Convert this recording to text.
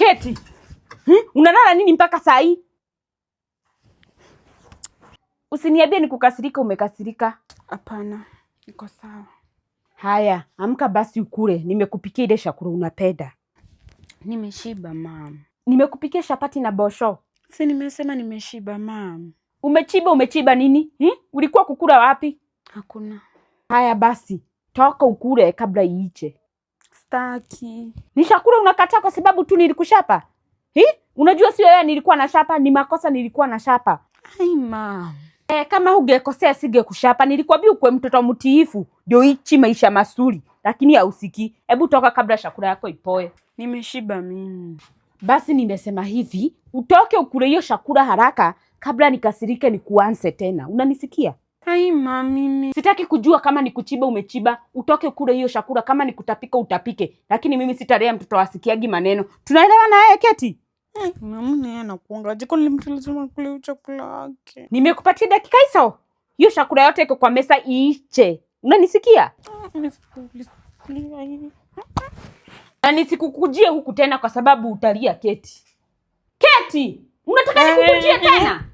keti hmm? Unalala nini mpaka saa hii? Usiniambie nikukasirika. Umekasirika? Hapana, niko sawa. Haya, amka basi ukule, nimekupikia ile chakula unapenda. Nimeshiba mam. Nimekupikia shapati na bosho. Si nimesema nimeshiba mam. Umechiba? Umechiba nini hmm? Ulikuwa kukula wapi? Hakuna. Haya basi, toka ukule kabla iiche sitaki. Nishakula unakataa kwa sababu tu nilikushapa hi? Unajua sio wewe, nilikuwa na shapa, ni makosa, nilikuwa na shapa. Ai mama e, kama hungekosea singekushapa. Nilikwambia ukwe mtoto mtiifu, ndio ichi maisha mazuri, lakini hausikii. Hebu toka kabla shakula yako ipoe. Nimeshiba mimi. Basi nimesema hivi, utoke ukule hiyo shakula haraka kabla nikasirike nikuanze tena. Unanisikia? Hai mami, sitaki kujua kama ni kuchiba umechiba, utoke kule hiyo shakura. Kama ni kutapika utapike, lakini mimi sitarea mtoto wasikiagi maneno. Tunaelewa na yeye Keti? Eh, Nimekupatia dakika hizo, hiyo shakura yote iko kwa mesa iiche. Unanisikia? Mm, na nisikukujie huku tena, kwa sababu utalia Keti. Keti, unataka nikukujie eh, eh, tena?